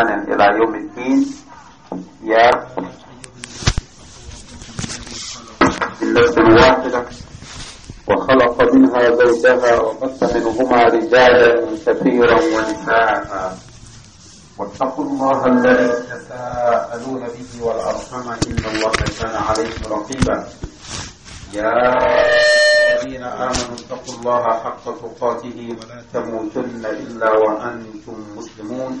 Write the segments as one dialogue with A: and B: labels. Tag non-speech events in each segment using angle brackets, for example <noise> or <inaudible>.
A: وإحسانا إلى يوم الدين يا ملة واحدة وخلق منها زوجها وبث منهما رجالا كثيرا ونساء واتقوا الله الذي تساءلون به والارحام إن الله كان عليكم رقيبا يا الذين آمنوا اتقوا الله حق تقاته ولا تموتن إلا وأنتم مسلمون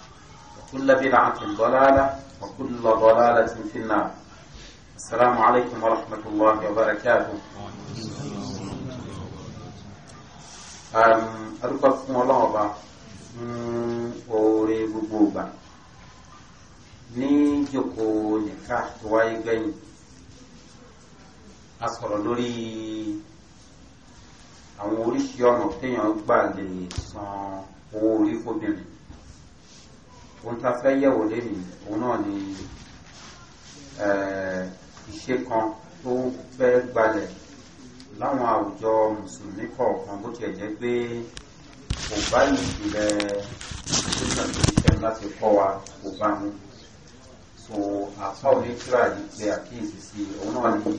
A: كل بدعة ضلالة وكل ضلالة في النار السلام عليكم ورحمة الله وبركاته أرقى بكم الله أوريب بوبا ني جوكو نكاح تواي غني أصر لوري أموريش يوم أبتين أكبر لي سان أوريكو بني ohun tí a fẹ́ yẹ̀wò lẹ́nu òun náà ni ìṣe kan tó fẹ́ gbalẹ̀ láwọn àwùjọ mùsùlùmí kọ̀ọ̀kan bó tiẹ̀ jẹ́ pé kò bá ìjìnlẹ̀ ìṣẹ́nà tó ṣiṣẹ́ láti kọ́ wa kò bá mú so àpá oníkíra yìí pe àkíyèsí sí òun náà ni.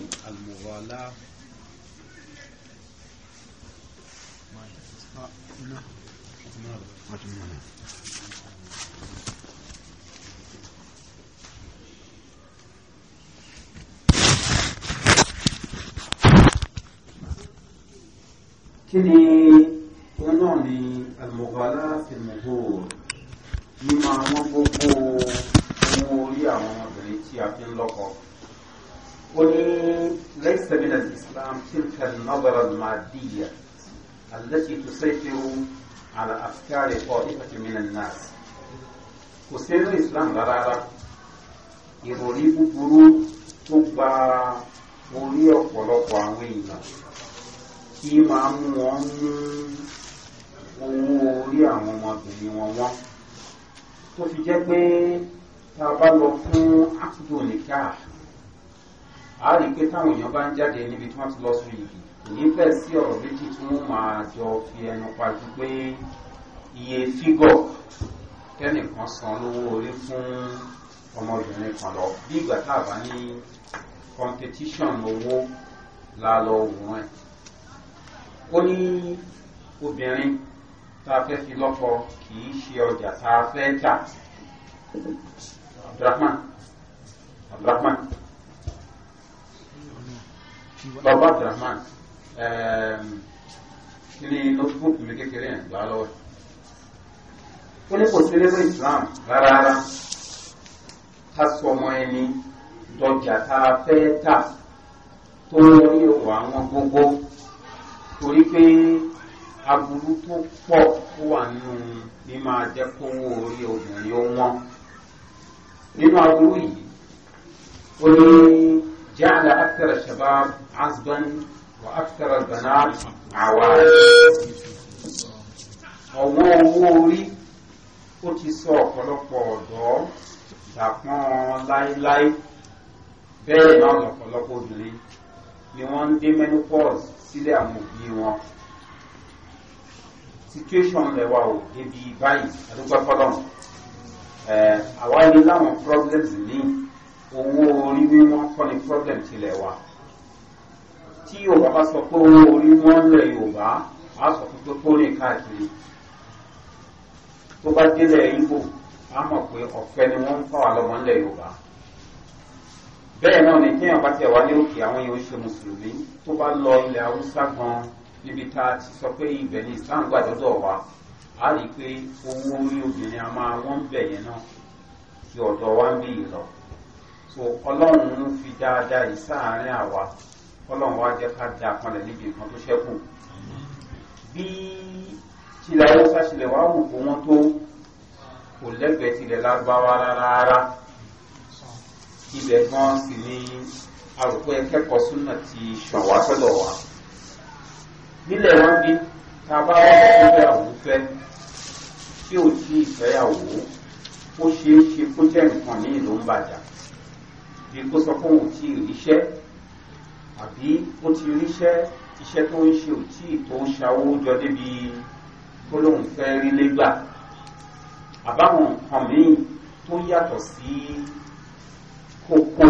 A: Thank you. kí ni òun náà ni àlùmọ̀gbálá ti mọ̀gbó mímọ àwọn gbogbo owó orí àwọn ọmọbìnrin tí a fi ń lọ́kọ. ó ní lẹ́sẹ̀ mi náà islam ti ń fẹ́ nọ́bẹ̀rẹ̀ màdìyà àlẹ́sì tó sẹ́kẹ̀rù àlà àfikárẹ̀ kọ́ ìfẹ̀tẹ̀ mi náà náà. kò sí nínú islam rárá ìròrí búburú tó gba orí ọ̀pọ̀lọpọ̀ àwọn èèyàn tí máa mú wọn mú owó orí àwọn ọmọbìnrin wọn wọ́n tó fi jẹ́ pé tá a bá lọ fún ákùdù nìkà á rí i pé táwọn èèyàn bá ń jáde níbi tí wọ́n ti lọ sùn yìí kò ní fẹ́ sí ọ̀rọ̀ méjì tí wọ́n máa jọ fi ẹnu pajú pé iye fígọ̀ kẹ́nìkan san lówó orí fún ọmọbìnrin kan lọ bí ìgbà tá a bá ní competition owó la lọ wọ́n ẹ̀ ó ní obìnrin tá a fẹ́ fi lọ́kọ kì í ṣe ọjà tá a fẹ́ tà abdulrahman abdulrahman lọ́ba abdulrahman kí ni notebook mi kékeré yẹn gbà lọ́wọ́ ó ní kò sí nínú islam rárá ká sọ ọmọ ẹni dọjà tá a fẹ́ tà tó ní òwò àwọn gbogbo torí pé aburú tó pọ̀ tó wà nínú ní máa jẹ́ kówó orí obìnrin ó wọ́n nínú aburú yìí ó ní jáàlá akitara shabab asban wa akitara banat àwárẹ ọwọ́ owó orí ó ti sọ ọ̀pọ̀lọpọ̀ ọ̀dọ́ dàpọ́n láéláé bẹ́ẹ̀ náà lọ̀pọ̀lọpọ̀ obìnrin ni wọ́n ń dé menopause sílẹ̀ àwọn òbí wọn situation lẹ́wà ò débi báyìí àdúgbò fọlọ́n àwa ni láwọn problems ní owó orí wíwọ́n kọ́ ni problem tilẹ̀ wa tí yorùbá bá sọ pé owó orí wọn lẹ̀ yorùbá a sọ fún tó kórè káàkiri tó bá délẹ̀ ibo a mọ̀ pé ọ̀fẹ́ ni wọ́n ń fà wá lọ́mọ ńlẹ̀ yorùbá bẹ́ẹ̀ náà ni kéèyàn bá tiẹ̀ wá ní òkè àwọn èèyàn ṣe mùsùlùmí tó bá lọ ilẹ̀ haúsá gan níbi tá a ti sọ pé ibẹ̀ ni islam gbà dọ́dọ̀ wa a rí i pé owó orí obìnrin a máa wọ́n bẹ̀ yẹn náà kí ọ̀dọ̀ wa ń bí ìlọ so ọlọ́run fi dáadáa yìí sáàárín àwa ọlọ́run wa jẹ́ ká da àpọnlẹ̀ níbi nǹkan tó ṣẹ́kù bí tilẹ̀ haúsá ṣẹlẹ̀ wá wò kó wọ́n tó kò lẹ́gbẹ̀ẹ́ tilẹ̀ lágbáwá rárá rárá ibẹ̀ gan sì ni arùkú ẹkẹ́kọ̀ọ́ súnà ti ṣàn wá sọ́dọ̀ wa nílẹ̀ wọn bí ta bá wà lọ́wọ́ fẹ́ tí ò tí ìfẹ́yàwó ó ṣeé ṣe kó jẹ́ nǹkan ní ìlú ń bàjá bí kó sọ pé òun tí ì ríṣẹ́ àbí ó ti ríṣẹ́ iṣẹ́ tó ń ṣe ò tí ì tó ń ṣàwó jọ débi tó lóun fẹ́ rí lé gbà àbáwọn nǹkan míì tó yàtọ̀ sí kókó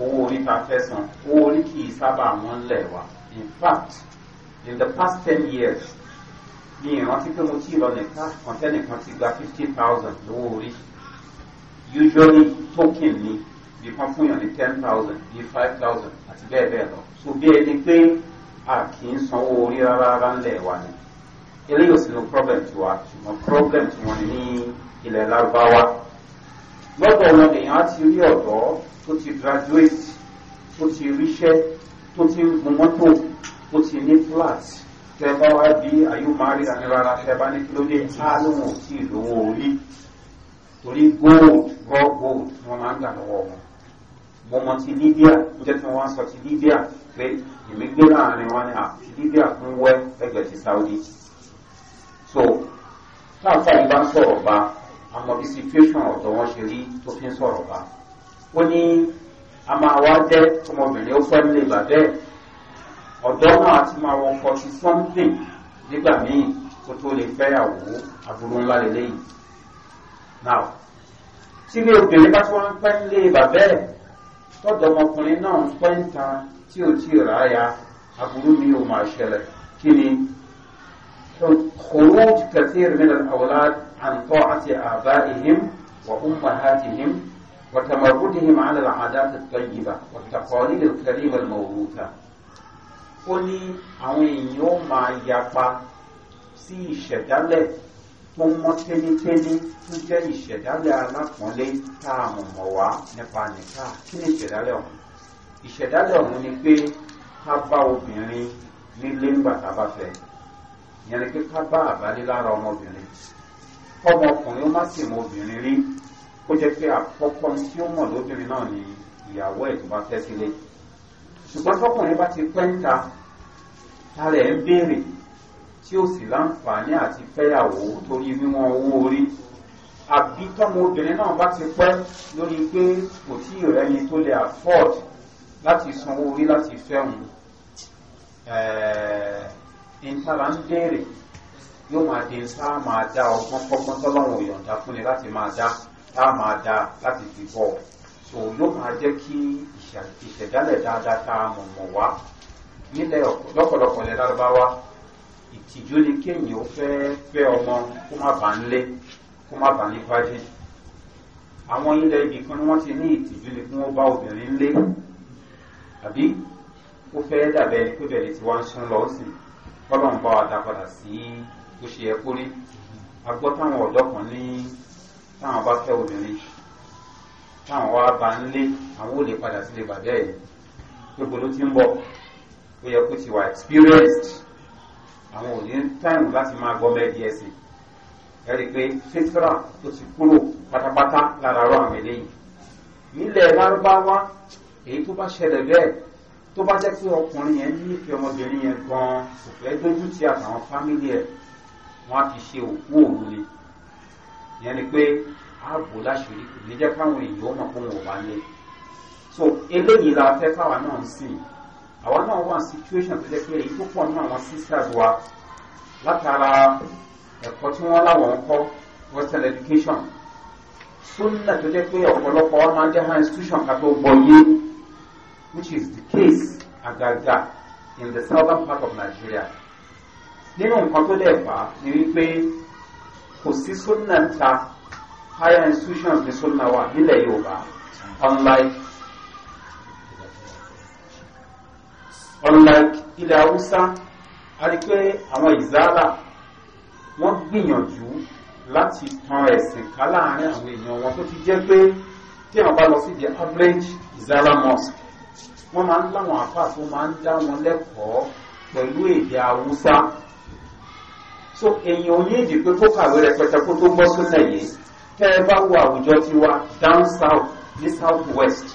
A: owó orí ta fẹ́ san owó orí kì í sábà wọ́n lẹ̀ wá in fact in the past ten years ní ìrántí pé mo tí ì lọ nìkan kọ̀ǹtẹ́ nìkan ti gba fifty thousand lówó orí usually token ni bí kan fún yàn ní ten thousand bí five thousand àti bẹ́ẹ̀ bẹ́ẹ̀ lọ so bí ẹni pé a kì í sanwó orí rárá rárá ńlẹ̀ wá ni eléyìí ò sí no problem tiwa ṣùgbọ́n problem tiwọn ni ní ilẹ̀ lárúbáwá lọ́dọ̀ wọn lèèyàn ti rí ọ̀dọ́ tó ti graduate tó ti ríṣẹ́ tó ti gun mọ́tò tó ti ní flat tẹ bá wá bí àyù máa rí àní rárá tẹ bá ní kí ló dé àlùmọ̀ sí ìlówó orí torí gold raw gold ni wọ́n máa ń gbà lọ́wọ́ wọn mo mọ ti libya níjẹ́ tí wọ́n sọ ti libya pé èmi gbé láàrin wọn ni àti libya fún wẹ́ ẹgbẹ̀ ti saudi so táàfà yìí bá sọ̀rọ̀ bá àmọ́ bí situation ọ̀dọ̀ wọn ṣe rí tó fi ń sọ̀rọ̀ bá ó ní a máa wá jẹ́ ọmọbìnrin ó pẹ́ nílé bàbẹ́ ẹ̀ ọ̀dọ́ náà ti máa wọ ọkọ̀ sí something nígbà míì kó tó lè fẹ́yàwó aburú ńlá lélẹ́yìn now tí ilé obìnrin bá tí ń pẹ́ nílé bàbẹ́ ẹ̀ tọ́dọ̀ náà ń pẹ́ ń tan tí ò tí rà á ya aburú mi ò máa ṣẹlẹ̀ kí ni kòrò kẹsí ìrìnlẹ̀ àwòlá عن طاعة آبائهم وأمهاتهم وتمردهم على العادات الطيبة والتقاليد الكريمة الموروثة ó ní àwọn èèyàn ó máa yapa sí ìṣẹ̀dálẹ̀ tó mọ́ tẹ́nítẹ́ní tó jẹ́ ìṣẹ̀dálẹ̀ alápọ̀nlé tá a mọ̀ mọ̀ wá nípa nìka kí ni ìṣẹ̀dálẹ̀ ọ̀hún ìṣẹ̀dálẹ̀ ọ̀hún ni pé ká bá obìnrin nílé ńgbà tá a bá fẹ́ ìyẹn ni pé ká bá àbálé lára ọmọbìnrin kọ́mọkùnrin ó má sì mọ obìnrin rí ó jẹ́ pé àkọ́kọ́ tí ó mọ̀ lóbìnrin náà ni ìyàwó ẹ̀ tó bá fẹ́ sílé ṣùgbọ́n tọkùnrin bá ti pẹ́ ń ta tara ẹ̀ ń béèrè tí ó sì láǹfààní àti fẹ́yàwó torí wíwọ́n owó orí àbí tọ́mọ obìnrin náà bá ti pẹ́ lórí pé kò tí ì rẹ́ni tó lè afford láti sanwó orí láti fẹ́hùn ẹ̀ẹ́n tara ń béèrè yóò máa di tá a máa dá ọgbọ́n kọ́gbọ́n tọ́lọ́run ìyọ̀ǹda fún ni láti máa dá tá máa dá láti fi bọ̀ so yóò máa jẹ́ kí ìṣẹ̀dálẹ̀ dáadáa tá a mọ̀ mọ̀ wá nílẹ̀ lọ́pọ̀lọpọ̀ ilẹ̀ lárúbáwá ìtìjú ni kéèyàn ó fẹ́ fẹ́ ọmọ kó má bàa ń lé kó má bàa ní àwọn ilẹ̀ ibì kan ni wọ́n ti ní ìtìjú ni kí wọ́n bá obìnrin ń lé àbí ó fẹ́ dàbẹ́ ẹni pé bẹ̀rẹ̀ tí wọ́n ń sún lọ sí kọ́lọ́n bá wa dá padà sí bó ṣe yẹ kó rí agbọ́ táwọn ọ̀dọ́ kan ní táwọn bá fẹ́ obìnrin táwọn wá bá ń lé àwọn ò lè padà sílé bàbá ẹ̀ gbogbo ló ti ń bọ̀ ó yẹ kó ti wà experienced àwọn ò ní táìmù láti máa gbọ́ mẹ́ẹ̀dì ẹ̀sìn ẹ rí i pé fitra tó ti kúrò pátápátá lára rọ àwọn eléyìí nílẹ̀ lárúbáwá èyí tó bá ṣẹlẹ̀ bẹ́ẹ̀ tó bá jẹ́ pé ọkùnrin yẹn nífẹ̀ẹ́ ọmọbìnrin yẹn gan-an kò fẹ́ dójú ti àtàwọn fámìlì ẹ̀ wọ́n á fi ṣe òkú òru ni ìyẹn ni pé ààbò láṣìírí kò ní jẹ́ káwọn èèyàn ó mọ̀ pé wọn ò wá so eléyìí la fẹ́ káwa náà ń sìn àwa náà wà situation tó jẹ́ pé èyí tó pọ̀ nínú àwọn sisters wa látara ẹ̀kọ́ tí wọ́n láwọn ń kọ́ western education sunna tó jẹ́ pé ọ̀pọ̀lọpọ̀ wọn máa ń jẹ́ high institution ká tó gbọ́ which is the case agaga in the southern part of nigeria nínú nǹkan tó dẹ̀ fà á ni wípé kò sí sunna ta higher institutions ní sunna wà nílẹ̀ unlike unlike ilẹ̀ haúsá a rí pé àwọn ìzálà wọ́n gbìyànjú láti tan ẹ̀sìn ká láàrin àwọn èèyàn wọn tó ti jẹ́ pé tí àwọn bá lọ sí the average ìzálà mosque wọ́n máa ń láwọn àfáà tó máa ń dá wọn lẹ́kọ̀ọ́ pẹ̀lú èdè haúsá so èèyàn ò ní èdè pé kó kàwé rẹpẹtẹ kó tó gbọ́ sínú ẹ̀yẹ tẹ́ ẹ bá wo àwùjọ ti wa down south ní south west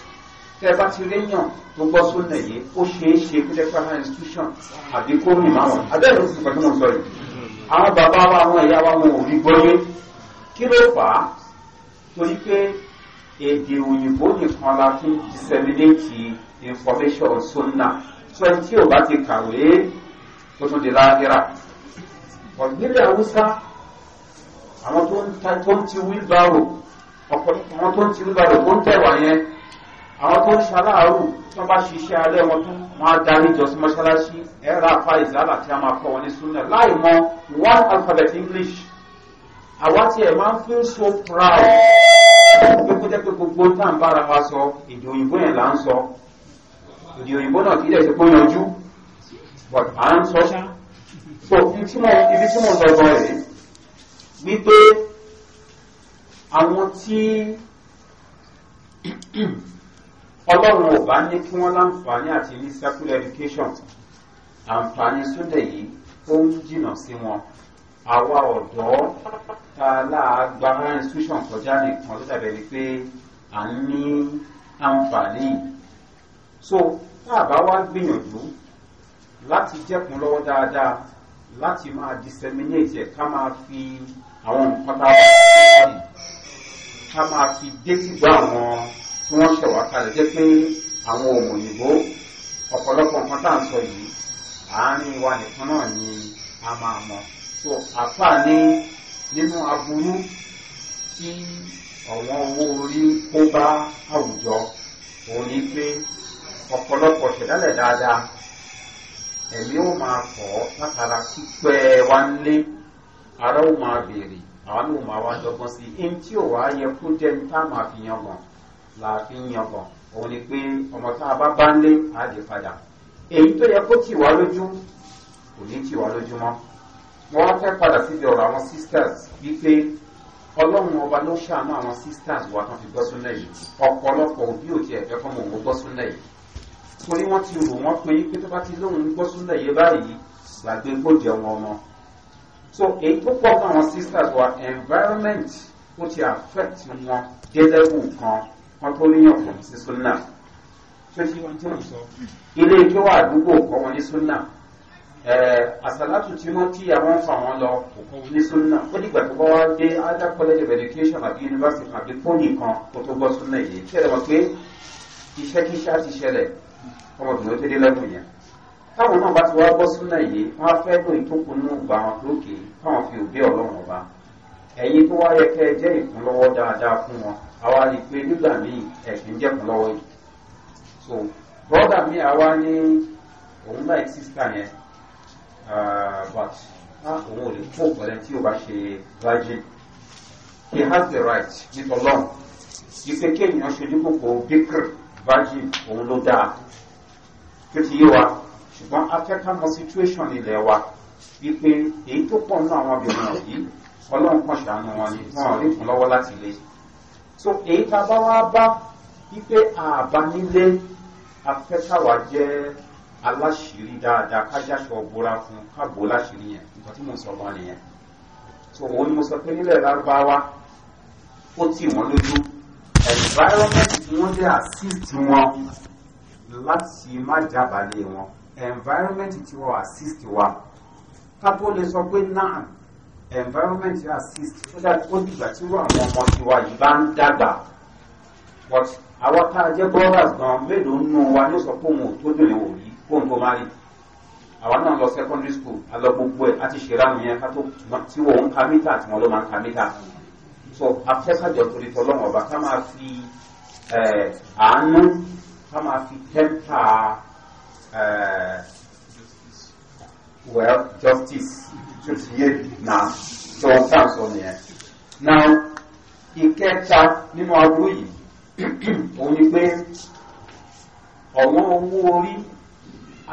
A: tẹ́ ẹ bá ti réyàn tó gbọ́ sínú ẹ̀yẹ ó ṣeé ṣe kó jẹ́ pàtàkì institution àbí kó rìn máwọn abẹ́rẹ́ ló ti pẹ̀lú mọ̀ sọ̀rọ̀ àwọn bàbá wa àwọn ìyá wa wọn ò rí gbọ́yé kí ló fà á torí pé èdè òyìnbó nìkan la fi disseminate information sunna so ẹni tí ò bá ti kàwé tó tún di láàdírà ọ̀gbìnlẹ̀ haúsá àwọn tó ń ti wíbárò ọ̀pọ̀lọpọ̀ àwọn tó ń ti wíbárò tó ń tẹ̀wà yẹn àwọn tó ń ṣaláàrù tó bá ṣiṣẹ́ alẹ́ wọn tó máa darí jọ sí mọ́ṣáláṣí ẹ̀rọ afá ìzálà tí a máa kọ́ wọn ní súnà láì mọ one alphabet english àwa tí ẹ̀ máa ń feel so proud pé kó jẹ́ pé gbogbo tá à ń bára wa sọ èdè òyìnbó yẹn là ń sọ èdè òyìnbó náà kì í dẹ̀ ṣe pé yanjú but à ń sọ ṣáá so ibi tí mo lọ lọ rèé wípé àwọn tí ọlọ́run ò bá ní kí wọ́n láǹfààní àti ní circular education àǹfààní sódẹ̀ yìí ó ń jìnà sí wọn àwa ọ̀dọ́ ta láàgbá institution kọjá nìkan ló dàbẹ̀ ni pé à ń ní àǹfààní so tá a bá wá gbìyànjú láti jẹ́kun lọ́wọ́ dáadáa láti máa disseminate ẹ̀ ká máa fi àwọn nǹkan tá a bá ká máa fi dé gbígbá àwọn tí wọ́n ṣẹ̀wá kalẹ̀ jẹ́ pé àwọn ọmọ òyìnbó ọ̀pọ̀lọpọ̀ nǹkan tá à ń sọ yìí àárín wa nìkan náà ni a máa mọ so àfà ní nínú aburú tí ọ̀wọ́n owó orí kó bá àwùjọ òun ni pé ọ̀pọ̀lọpọ̀ ṣẹ̀dálẹ̀ dáadáa ẹ̀mí ó máa fọ̀ ọ́ látara pípẹ́ wa ń lé ara ó máa béèrè àwọn náà máa wá dọ́gbọ́n sí i tí ò wá yẹ kó jẹ́ ní tá a máa fi yangàn là á fi yangàn òun ni pé ọmọ tá a bá bá ń lé á lè padà èyí tó yẹ kó tì wá lójú kò ní tì wá lójú mọ́ mo wá fẹ́ padà síbi ọ̀rọ̀ àwọn sisters wípé ọlọ́run ọba ló ṣàánú àwọn sisters wa kan fi gbọ́ súnlẹ̀ yìí ọ̀pọ̀lọpọ̀ òbí òkè ẹ̀fẹ́ fún mò ń gbọ́ súnlẹ̀ yìí torí wọ́n ti rò wọ́n pé pé tó bá ti lóun gbọ́ súnlẹ̀ yé báyìí làgbé gbòdì ọmọ ọmọ so èyí tó pọ̀ fún àwọn sisters wa environment ó ti affect wọn gẹ́gẹ́ bù kan wọ́n tó níyàn fún sí súnà ilé ike wà àdúgbò kọ́ wọn ní súnà àsàlátù tí wọ́n kí àwọn fà wọ́n lọ ní súnà ó dìgbà tó bá wá dé ada college of education àbí university àbí poli kan kó tó gbọ́ súnà yìí ṣẹlẹ̀ wọ́n pé iṣẹ́ kíṣẹ́ àti ṣẹlẹ̀ ọmọbìnrin ó dédé lẹ́bùn yẹn táwọn náà bá ti wá bọ́ sínú yìí wọ́n á fẹ́ lò ìtókù nù gba àwọn lókè táwọn fi òbí ọlọ́run ọba ẹ̀yin tó wá yẹ kẹ́ ẹ jẹ́ ìkúnlọ́wọ́ dáadáa fún wọn àwa rí i pé nígbà míì ẹ̀sìn jẹ́ ìkúnlọ́wọ́ yìí so brọ́dà mi àwa ní òun náà sísá yẹn ah, but òun ò lè kó ọ̀pọ̀lẹ́ tí o bá ṣe virgin he has the right nítorí ọlọ́run ìpè kéèyàn ṣojú kòkó bíkìrì virgin òun ló dáa tó ti yé wa ṣùgbọ́n afẹ́ká mọ situation ilẹ̀ wa wípé èyí tó pọ̀ nínú àwọn obìnrin wọ̀nyí ọlọ́run kan ṣàánú wọn ni wọn ò lè fún lọ́wọ́ láti lé so èyí tá a bá wá bá wípé àbá nílé afẹ́káwà jẹ́ aláṣìírí dáadáa kájáṣọ bóra fún káàbò láṣìírí yẹn nǹkan tí mo sọ wọn nìyẹn so òun ni mo sọ pé nílẹ̀ lárúbáwá ó tì wọ́n lójú environment wọn dé assist wọn láti má jábàálẹ̀ wọn environment tí wọ́n assist wa kápó lè sọ pé náà environment yóò assist so that ó dìgbà tí wọ́n àwọn ọmọ tiwa yìí bá ń dàgbà but àwọn tá a jẹ́ brothers gan mélòó nù wa ní sọ pé òun ò tó dùn ìwò yìí kó n tó má rí àwa náà lọ secondary school a lọ gbogbo ẹ̀ a ti ṣe ráàmù yẹn ká tó tí ń ka mítà tí ló máa ń ka mítà fún un so afẹ́kàjọ torí tọ́lọ́wọ́n ọba ká máa fi àánú ká máa fi tẹ́ńtà well justice tó yé na tó ń tà sọ nìyẹn. now ìkẹta nínú aburú yìí <clears throat> òun ni pé ọ̀wọ́n owó orí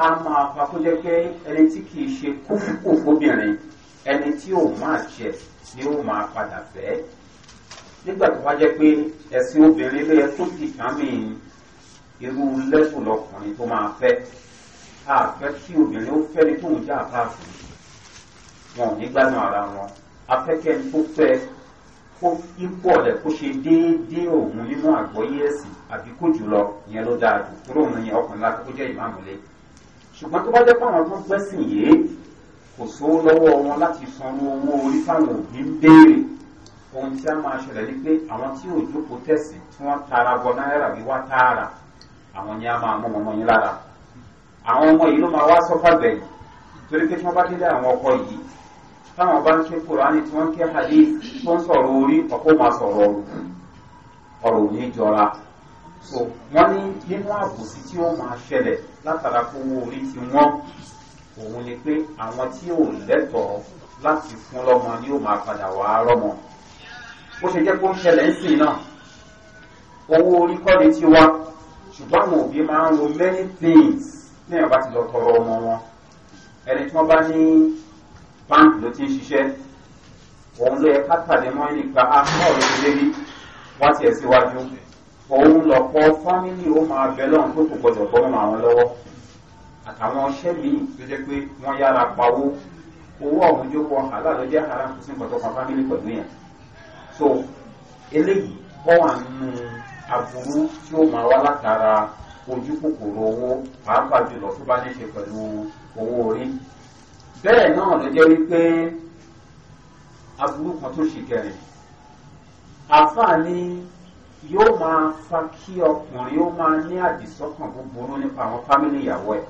A: a máa fa kó jẹ́ pé ẹni tí kì í ṣe kófúkò fóbìnrin ẹni tí ò máa jẹ ni ó máa padà fẹ́ nígbà tó wá jẹ́ pé ẹ̀sìn obìnrin ló yẹ tó dìtámìn irú lẹ́sùn lọkùnrin tó máa fẹ́ àfẹ́ tí obìnrin ó fẹ́ ní tóun já àpáàtì wọn ò ní gbádùn ara wọn afẹ́kẹ́ni tó fẹ́ kó ipò rẹ̀ kó ṣe déédéé òun nínú àgbọ́yé ẹ̀sìn àbí kó jùlọ ìyẹn ló dáa jù kúrò òun yẹn ọkùnrin láti kó jẹ́ ìmáàmùlé ṣùgbọ́n tó bá jẹ́ pé àwọn tó gbẹ́sìn yìí kò sówó lọ́wọ́ wọn láti san owó orí fáwọn òbí ń béèrè tí a máa ṣẹlẹ̀ ni pé àwọn tí ò jókòó tẹ̀sí tí wọ́n tara bọ náírà wíwá tààrà àwọn ni a máa mú ọmọ yín lára àwọn ọmọ yìí ló máa wá sọ́fà gbẹ̀yìn torí pé tí wọ́n bá délé àwọn ọkọ yìí táwọn bá ń ké kúránì tí wọ́n ń ké hadí tó ń sọ̀rọ̀ orí ọ̀pọ̀ máa sọ̀rọ̀ ọ̀rọ̀ òní jọra so wọ́n ní nínú àbòsí tí ó máa ṣẹlẹ̀ látara kówó orí ti wọ́n òun ni pé àwọn tí ò lẹ́tọ̀ọ́ láti fún lọ́mọ ni ó máa padà wá rọ́mọ bó ṣe jẹ́ kó ń ṣẹlẹ̀ ń sìn náà owó orí kọ́ni ti wá ṣùgbọ́n àwọn òbí máa ń wo many things ní ọba ti lọ tọrọ ọmọ wọn ẹni tí wọ́n bá ní báńkì ló ti ń ṣiṣẹ́ òun ló yẹ ká pàdé mọ́ nípa akọ́ rẹ̀ ti débi wá tiẹ̀ síwájú òun lọ̀pọ̀ fámìlì ó máa bẹ lọ́run tó kò gbọdọ̀ bọ́ mọ́ àwọn lọ́wọ́ àtàwọn ọṣẹ́ míì tó jẹ́ pé wọ́n yára pawó owó ọ̀hún jókòó àlá ló kò sí nǹkan tó kan fámìlì pẹ̀lú yẹn so eléyìí wọ́n wà nínú aburú tí ó máa wá látara ojú kòkòrò owó pàápàá jùlọ tó bá ní ṣe pẹ̀lú owó orí bẹ́ẹ̀ náà ló jẹ́ wípé aburú kan tó ṣe kẹrin àfààní yóò máa fa kí ọkùnrin ó máa ní àdìsọ́kàn búburú nípa àwọn fámìlì ìyàwó ẹ̀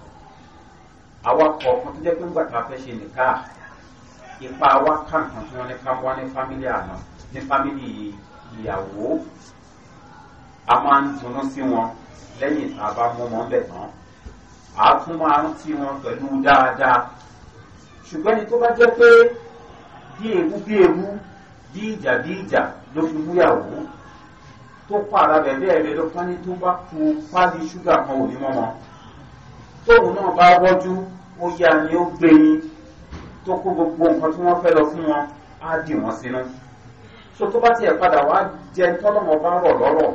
A: àwa kọ̀ọ̀kan tó jẹ́ pé ń gbà fẹ́ ṣe nìkan ipa wa kàn kan tí wọ́n ní ká wá ní fámílì àná ní fámílì ìyàwó a máa ń dunnú sí wọn lẹ́yìn tá a bá mú wọn bẹ̀ tán a tún máa ń tí wọn pẹ̀lú dáadáa ṣùgbọ́n ẹni tó bá jẹ́ pé bí ewu bí ewu bí ìjà bí ìjà ló fi múyàwó tó pa ara rẹ̀ bẹ́ẹ̀ rẹ̀ ló pání tó bá tó kó gbogbo nǹkan tí wọ́n fẹ́ lọ fún wọn á dì wọ́n sínú so tó bá tiẹ̀ padà wá jẹ tọ́lọ́mọ bá rọ̀ lọ́rọ̀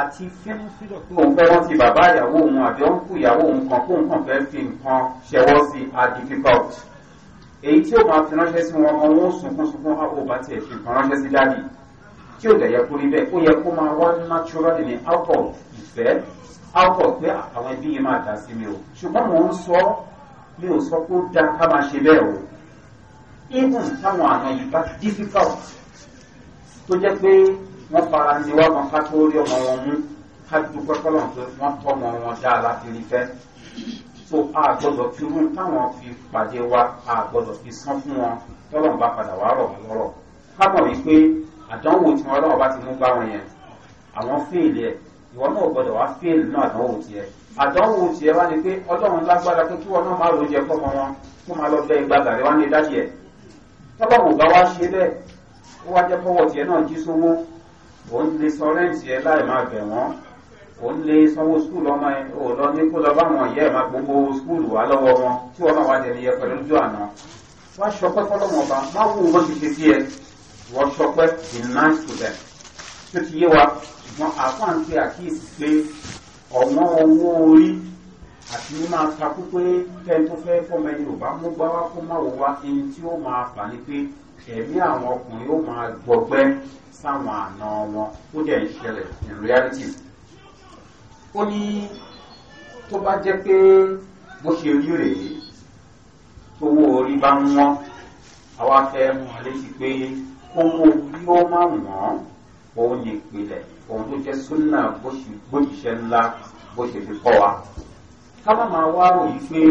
A: àti fífílọ̀ pé òun fẹ́ wọ́n ti bàbá ìyàwó òun àbí òun kú ìyàwó òun kan kó nǹkan fẹ́ fi nǹkan ṣẹwọ́ sí a difficult èyí tí ó máa fi ránṣẹ́ sí wọn wọn ó sunkún sunkún á ò bá tiẹ̀ fi nǹkan ránṣẹ́ sí dáàbì tí ò dẹ̀ yẹ kó rí bẹ́ẹ̀ ó yẹ kó máa wá naturally ní out ìfẹ́ out pé ah, àwọn ẹbí yẹn máa dá sí mi o ṣùgbọ́n mò ń sọ mi ò sọ pé ó dá ká máa ṣe bẹ́ẹ̀ o even táwọn àna yìí bá difficult tó jẹ́ pé wọ́n fara ní wá wọn ká tó rí ọmọ wọn mú ká dúpẹ́ kọ́lọ̀ tó wọ́n tọ́ ọmọ wọn dá láti rí fẹ́ so a gbọ́dọ̀ fi irú táwọn fi pàdé wa a gbọ́dọ̀ fi san fún wọn tọ́lọ̀ bá padà wá rọ̀ wọ́n lọ́rọ̀ ká mọ̀ wípé àdánwò tí wọn lọ́wọ́ bá ti mú bá wọn yẹn àwọn fèèlì ẹ̀ ìwọ náà gbọ́dọ̀ wá fèèlì náà àdánwò tiẹ̀ àdánwò tiẹ̀ wá ni pé ọlọ́run lágbára pé kí wọn náà má lóye ẹ̀kọ́ mọ́ wọn kó má lọ bẹ ìgbàgbà wá ní dájú ẹ̀ tọ́lọ́mù bá wá ṣe bẹ́ẹ̀ ó wá jẹ́ pọ́wọ́ tiẹ̀ náà jí sówó òun lè sọ rẹ́ǹtì ẹ láì máa bẹ̀ wọ́n òun lè sanwó skul ọmọ ẹ ò lọ ní kó lọ báwọn ìyá ẹ máa gbogbo skul wà lọ́wọ́ wọn tí wọ́n máa wá jẹ nìyẹn pẹ̀lú ojú àná wá ṣọpẹ́ fọlọ́mù ọba má wù wọ́n ti ṣe sí ẹ wọ́n ṣọpẹ́ the nine student tó ti yé wa ṣùgbọ́n àfáàǹtì àkíyèsí pé ọ̀wọ́n owó orí àti ní máa takú pé kẹ́ni tó fẹ́ fọ́mọ ẹni ò bá mú gbá wá kó má wò wá ẹni tí ó máa fà ní pé ẹ̀mí àwọn ọkùnrin ó máa gbọgbẹ́ sáwọn àna wọn ó dẹ̀ ń in reality. ó ní tó bá jẹ́ pé bó ṣe rí rèé tówó orí bá ń wọ́n àwa fẹ́ mú wa létí pé owó bí ó máa wọ́n òun ní ìpìlẹ̀ òun tó jẹ́ sọ́nà bó ṣe ńlá bó ṣe fi kọ́ wa ká má máa wá rò yìí pé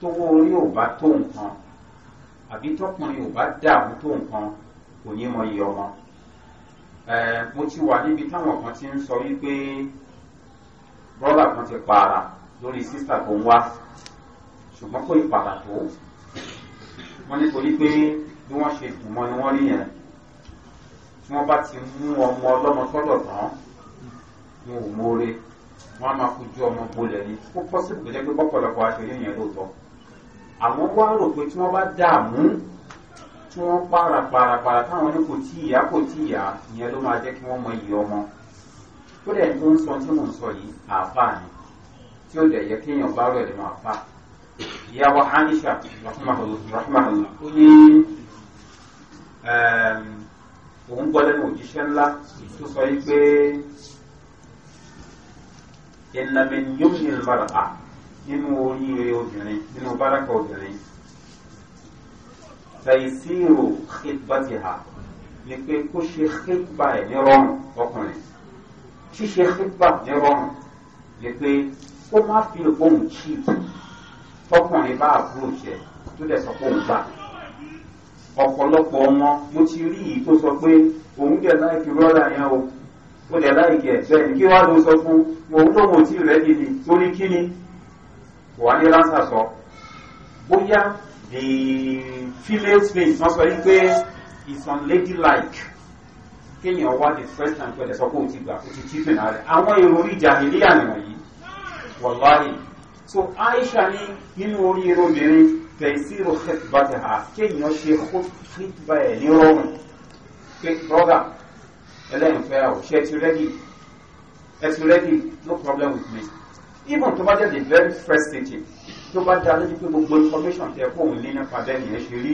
A: tówó orí ò bá tó nǹkan àbí tọkùnrin ò bá dààmú tó nǹkan kò ní mọ iye ọmọ mo ti wà níbi táwọn kan ti ń sọ wípé brọ́dà kan ti pa lórí sísà tó ń wá ṣùgbọ́n kó ìpàdà tó wọ́n nítorí pé bí wọ́n ṣe dùn mọ́ ni wọ́n rí yẹn tí wọ́n bá ti mú ọmọ ọlọ́mọ sọ́dọ̀ tán wọn ò mórè wọn a máa kojú ọmọ gbolẹ̀ ni ó pọ́sibù kò jẹ́ pé bọ́pọ̀lọpọ̀ aṣọ yẹn yẹn lóòótọ́ àwọn wá rò pé tí wọ́n bá dààmú tí wọ́n para para para táwọn ní kò tí ìyá kò tí ìyá ìyẹn ló máa jẹ́ kí wọ́n mọ iyì ọmọ tó dẹ̀ tó ń sọ tí mò ń sọ yìí àáfà ni tí ó dẹ̀ yẹ kéèyàn bá rẹ̀ lẹ́nu àáfà ìyàwó anisha rahmanahu ó ní òun gbọ́ lẹ́nu òjíṣẹ́ ńlá tó sọ yìí pé ẹ̀lámi yóò ní ìbára à nínú oríire obìnrin nínú báràkà obìnrin ṣàìsírò xébàtì ha ni pé kó ṣe xébà ẹ̀ ní rọrùn ọkùnrin ṣíṣe xébà ní rọrùn ni pé kó má fi ohun chip tọkùnrin bá àbúrò ṣe tó dẹ̀ sọ pé òun gbà ọ̀pọ̀lọpọ̀ ọmọ mo ti rí yìí tó sọ pé òun dẹ̀ láì rọ́ọ̀dà yẹn o mo lè láìkẹ́ ẹ̀ṣẹ́ kí wá ló sọ fún òun ló mọ̀ tí rẹ̀ dìde torí kí ni wà ní ránṣà sọ bóyá the female space wọ́n sọ wípé it's unladylike kéèyàn wá the first time pẹ̀lẹ́ sọ pé òun ti gbà kó ti tífìn rẹ̀ àwọn èrò ìjà ìléyà nìwọ̀nyí wàláhì so aisha ní nínú oríire obìnrin tẹ̀síro khutbataha kéèyàn ṣe khutba ẹ̀ ní rọrùn pé brother ẹlẹ́yìnfẹ́ ọ̀ ṣe ti rẹ́dì ẹ rẹ́dì no problem with me even tó bá jẹ́ the very first stage tó bá dá lójú pé gbogbo information tẹ kó òun lé nípa bẹ́ẹ̀ nìyẹn ṣe rí